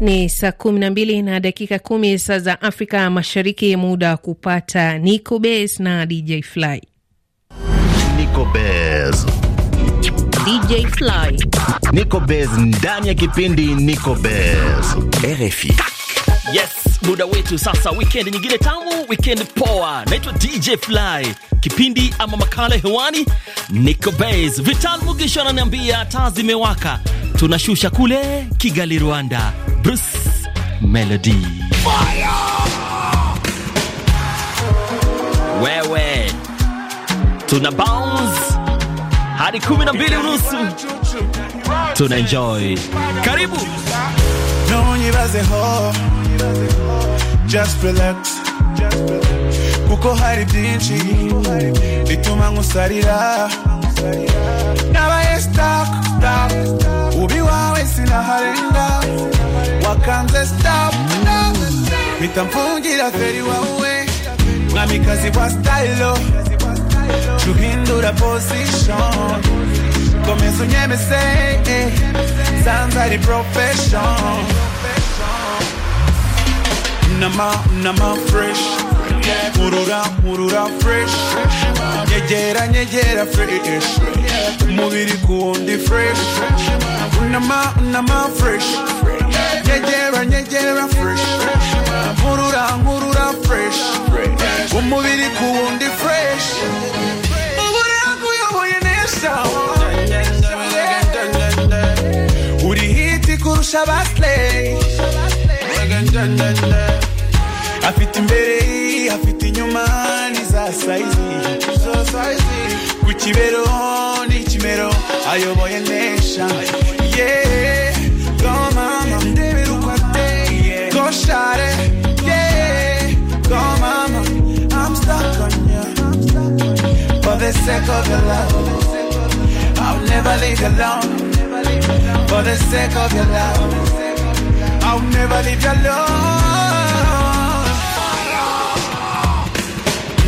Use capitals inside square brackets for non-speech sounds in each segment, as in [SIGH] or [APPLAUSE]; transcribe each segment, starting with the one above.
Ni saa kumi na mbili na dakika kumi saa za Afrika Mashariki, muda wa kupata Nico Bes na DJ Fly. Nico DJ Fly. Nico ndani ya kipindi Nico Bes. RFI. Yes muda wetu sasa, wikendi nyingine tamu, weekend poa. Naitwa DJ Fly, kipindi ama makala hewani niko base. Vital Mugisho ananiambia taa zimewaka, tunashusha kule Kigali, Rwanda. Bruce Melody, wewe tuna bounce hadi 12 unusu, tuna enjoy. Karibu ntunyibazeho just relax kuko hari byinshi bituma nkusarira nabaye stuck stuck ubi wawe sinaharenga wakanze stop mpita mfungira feri wawe mwamikazi wa stylo tuhindura position komeza unyemese sanzari eh. profession Nama, nama fresh. Murura, murura fresh. Nyegera, nyegera fresh. Umubiri kuwundi fresh. Nama, nama fresh. Nyegera, nyegera fresh. Murura, murura fresh. Umubiri kuwundi fresh. Ubura kuyoboye neza. kurusha abasley afite imbere afite inyuma ni za sayizi ku kibero ni ikimero ayoboye nesha yeee mama ndebera uko ateye goshare mama I'm stuck on you for the sake of your love I'll never leave you alone for the sake of your love I'll never leave you alone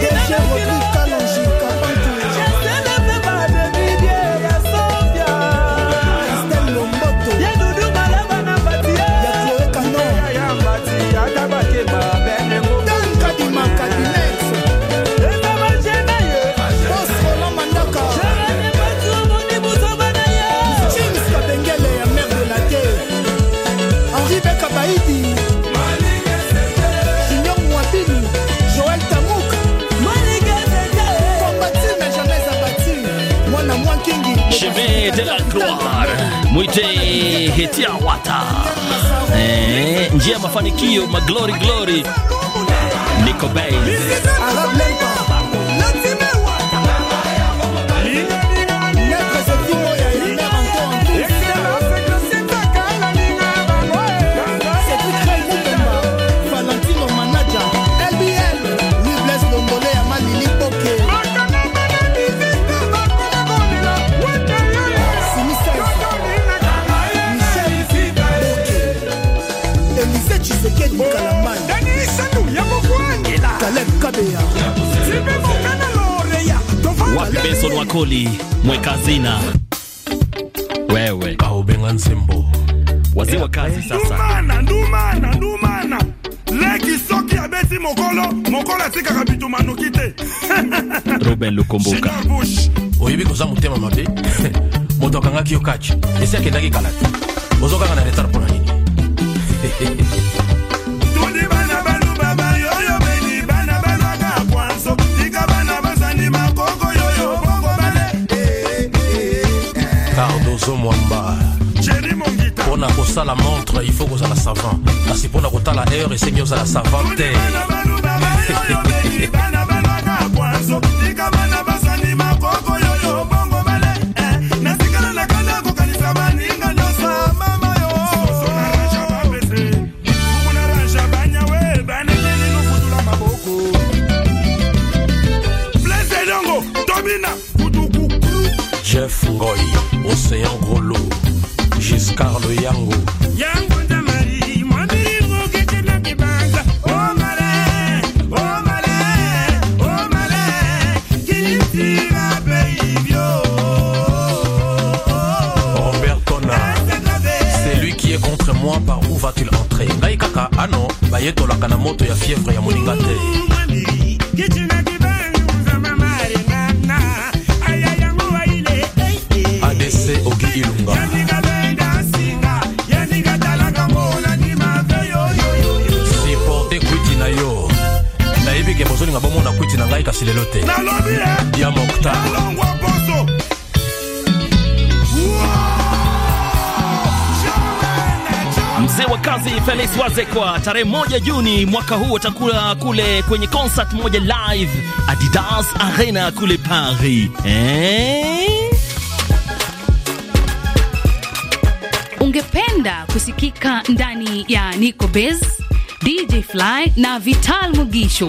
Deixa eu Tiawata, eh, njia ya mafanikio, maglory glory, niko Bay [LAUGHS] roben lukomboka oyebi koza motema mabe [LAUGHS] moto akangaki yo kaki esi akendaki kala te ozo kaka na retard mpo na nini kardozo mwamba mpo na kosala montre il faut kozala savant kasi mpo na kotala heure esengi ozala savant te bakwanzo tika bana ba lelote diamokta mzee wa kazi Felix Wazekwa tarehe moja Juni mwaka huu atakula kule kwenye concert moja live Adidas Arena kule Paris eh? Ungependa kusikika ndani ya Nico Bez, DJ Fly na Vital Mugisho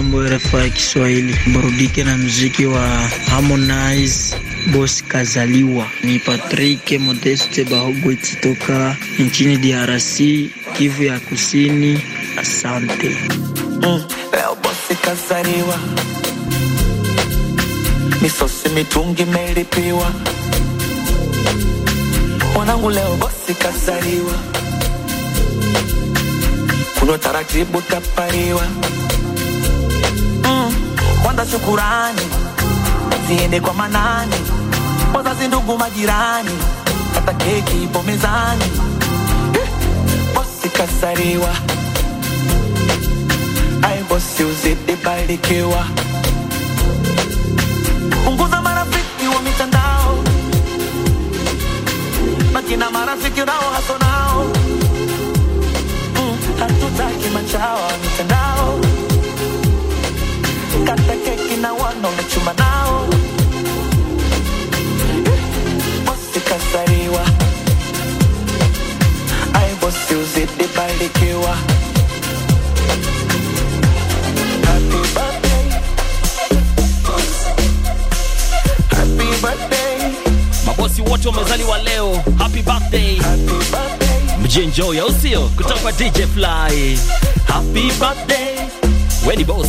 Jambo RFI Kiswahili, burudike na mziki wa Harmonize Bos Kazaliwa. Ni Patrick Modeste Bahogweti toka nchini DRC, Kivu ya Kusini. Asante. Mm, leo bosi kazaliwa, taratibu tapariwa kwanza shukurani ziende kwa manani, wazazi, ndugu, majirani, hata keki ipo mezani. Eh, bosi kasariwa, ai bosi uzidi barikiwa. Punguza marafiki wa mitandao, makina marafiki nao haso nao, mm, hatutaki machawa mitandao na wana unachuma nao bosi kasariwa, ai bosi uzidi barikiwa. mabosi wote wamezaliwa leo. Happy birthday, happy birthday, usio kutoka DJ Fly. Happy birthday, weni boss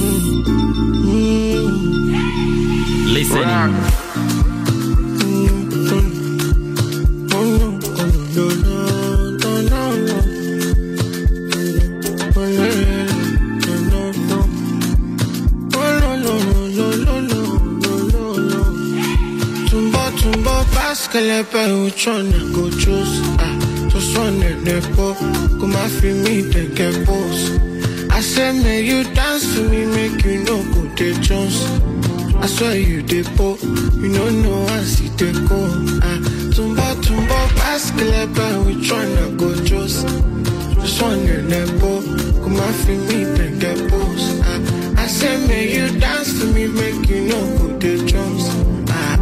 Faut parce que les perruchons go choose ah, To son et de peau Comme ma famille de Kepos I said may you dance to me Make you know go the Jones I swear you the po You know no one see the go ah, Tumbo tumbo parce que les perruchons go choose To son et de peau Comme ma famille de Kepos ah, I said may you dance to me Make you know go the Jones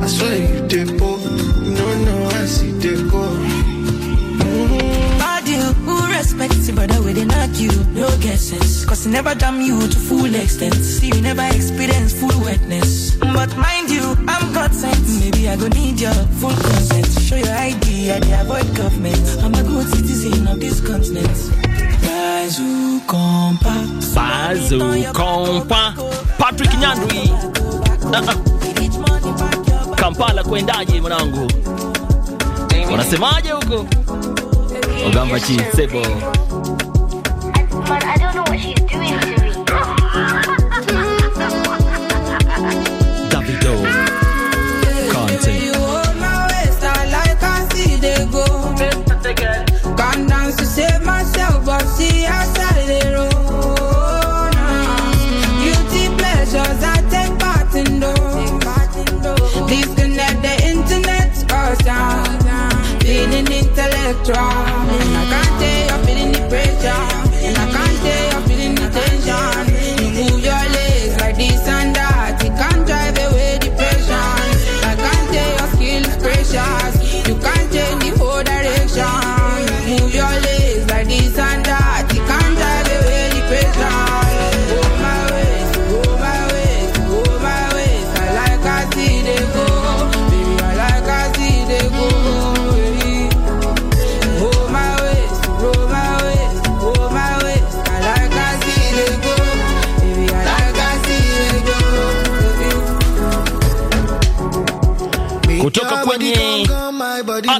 I swear you did go. No, no, I see did go. Respect the brother we didn't argue, no guesses. Cause he never damn you to full extent. See, you never experience full wetness. But mind you, I'm God sent. Maybe I go need your full consent. Show your ID, I avoid government. I'm a good citizen of this continent. Fazu Compa. Fazu Compa. Patrick Nyandwi. Uh-uh. Kampala kwendaje mwanangu, wanasemaje huko? Ogamba chi sebo driving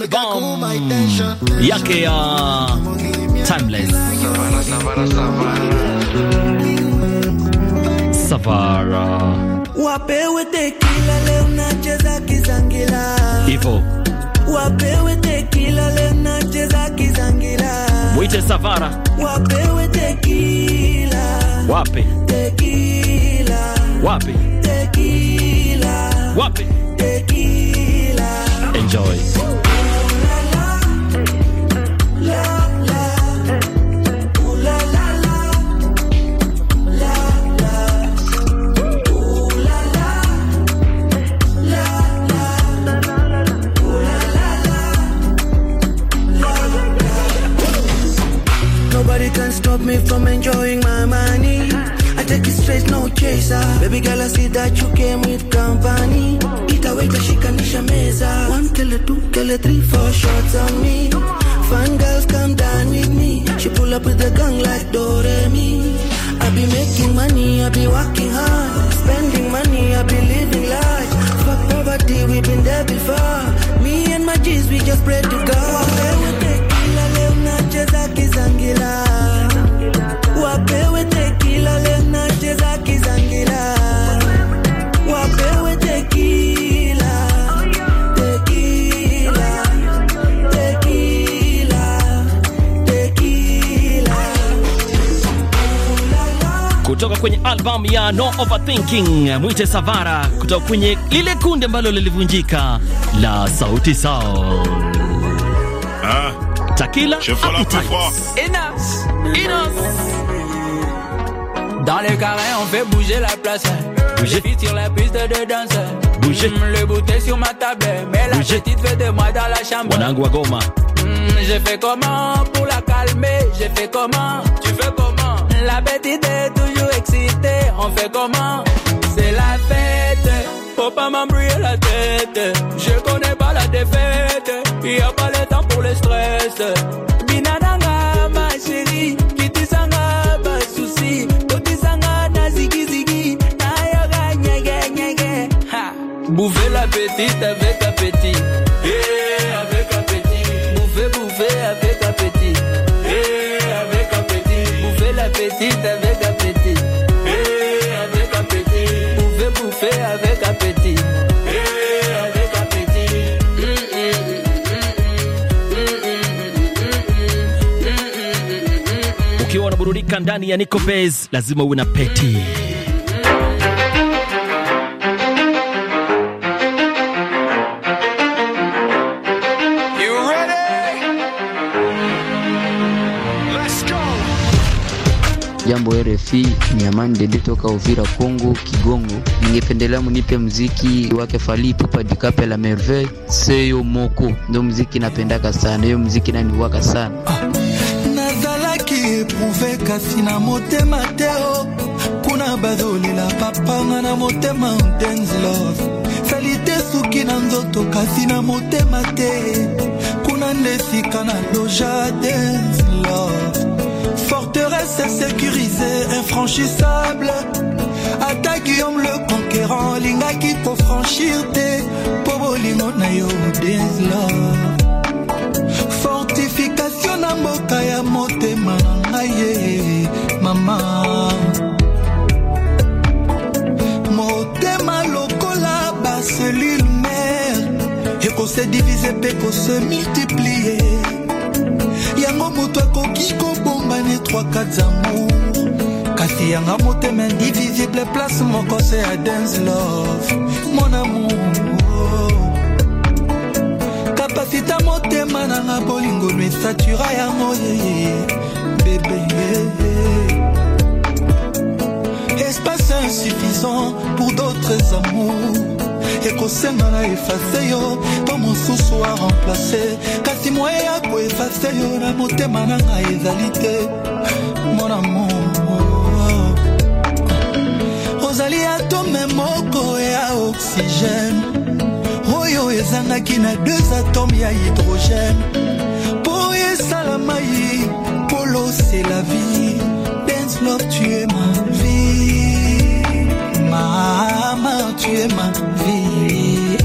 Van Gogh yake ya Timeless. Savara, savara, savara. Savara. Wapewe tequila leo nacheza kizangila. Ivo. Wapewe tequila leo nacheza kizangila. Mwite Savara. Wapewe tequila. Wape. Tequila. Wape. Tequila. Wape. Tequila. Enjoy. stop me from enjoying my money. I take it straight, no chaser. Baby girl, I see that you came with company. Eat away that she can shikanisha meza. One killer, two killer, three, four shots on me. Fun girls come down with me. She pull up with the gang like Doremi. I be making money, I be working hard. Spending money, I be living life. Fuck poverty, we been there before. Me and my G's, we just pray to God. like nacheza Angela. Kutoka kwenye albamu ya No Overthinking, mwite Savara kutoka kwenye lile kundi ambalo lilivunjika la Sauti Sol. Ah. Takila Inos. Inos. Dans les carrés on fait bouger la place. Bouger sur la piste de danse. Bouger. Mm, le bouteille sur ma table. Mais la petite fait de moi dans la chambre. Mm, je goma. j'ai comment pour la calmer Je fais comment Tu fais comment La petite est toujours excitée. On fait comment C'est la fête. Faut pas m'embrouiller la tête. Je connais pas la défaite. Y a pas le temps pour le stress. Binananga, ma chérie. Kitisanga, pas souci. Bouvez l'appétit la petite avec appétit. Hey, eh, avec appétit. Bouver, bouver avec appétit. Hey, eh, avec appétit. Bouver la petite avec appétit. Hey, eh, avec appétit. Bouver, bouffer avec appétit. ndani ya Nico Bez, lazima uwe na peti. Jambo RFI ni Amani Dede toka Uvira, Kongo, Kigongo. Ningependelea mnipe mziki wake fali pupa Dikape la Merveille, Seyo Moko, ndio mziki napendaka sana, hiyo mziki naniwaka sana ah, kasi na motema te kuna bazolela papanga na motema dance love sali te suki na nzoto kasi kuna nde esika na loja love forteresse sécurisée infranchissable ata guillaume le conquérant lingaki kofranchir te mpo bolingo na yo love kondisio na mboka ya motema na ngai ye mama motema lokola baselile mare ekose se mpe kose multiplie yango moto akoki kobomba ne 3 zamour kasi yanga motema indivisible place moko se adens love mon amour tita motema nanga bolingo no esatura yango bébé espace insuffisant pour d'autres amours ekosenga na efase yo mpo mosusu aremplace kasi moye ya koefase yo na motema na mon ezali te monamo ozali atome moko à oxygène ezangaki na deux y ya hydrogène pour esala pour polo c'est la vie dance tu es ma vie mama tu es ma vie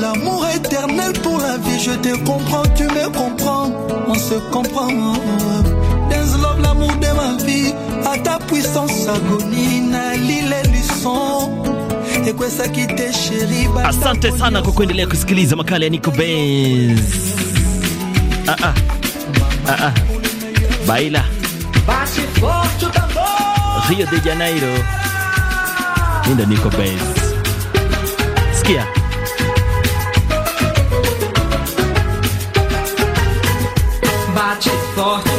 L'amour éternel pour la vie, je te comprends, tu me comprends, on se comprend. Dance l'amour de ma vie, à ta puissance agonie. Asante sana kwa kuendelea kusikiliza makala ya Nico Benz. Ah ah. Ah ah. Baila. Rio de Janeiro. Ndio Nico Benz. Sikia. Bate forte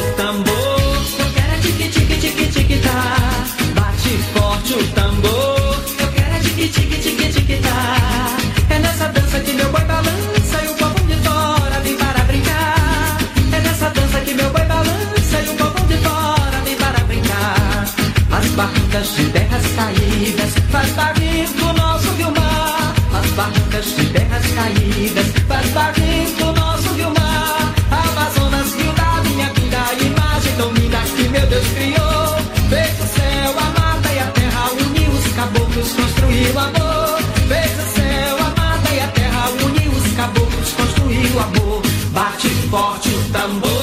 barcas de terras caídas, faz barris do nosso rio mar. As barcas de terras caídas, faz barris do nosso rio mar. Amazonas, rio da minha vida, a imagem tão linda que meu Deus criou. Fez o céu, a mata e a terra, uniu os caboclos, construiu amor. Fez o céu, a mata e a terra, uniu os caboclos, construiu amor. Bate forte o tambor.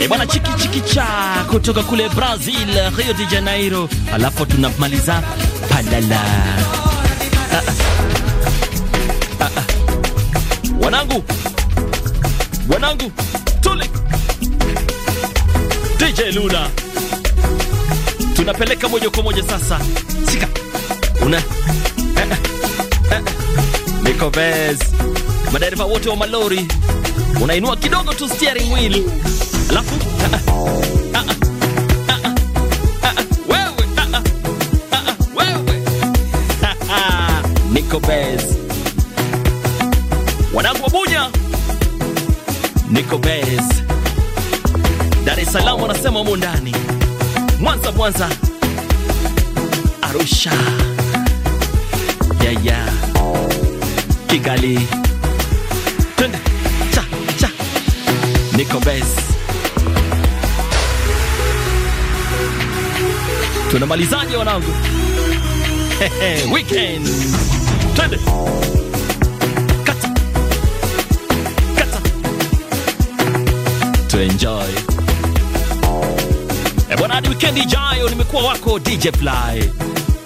E bwana, chiki chiki cha kutoka kule Brazil, Rio de Janeiro, alafu tunamaliza palala. Ah, ah. Ah, wanangu, wanangu, tuli DJ Luna, tunapeleka moja kwa moja sasa. Sika una eh, eh. niko bez madereva wote wa malori, unainua kidogo tu steering wheel Alafu nikobez Bez wanangu wabunya, nikobez Dar es Salaam wanasema wamo ndani, Mwanza Mwanza, Arusha yaya, Kigali, twende cha cha, Niko tunamalizaje wanangu? Weekend. Twende. Kata. Kata. To enjoy. E eh, bwana, hadi weekend ijayo, nimekuwa wako DJ Fly.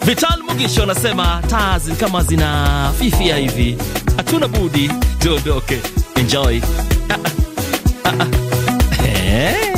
Vital Mugisho anasema taa kama zina fifia hivi, hatuna budi tuondoke. Enjoy. Ah, ah, ah, Hey.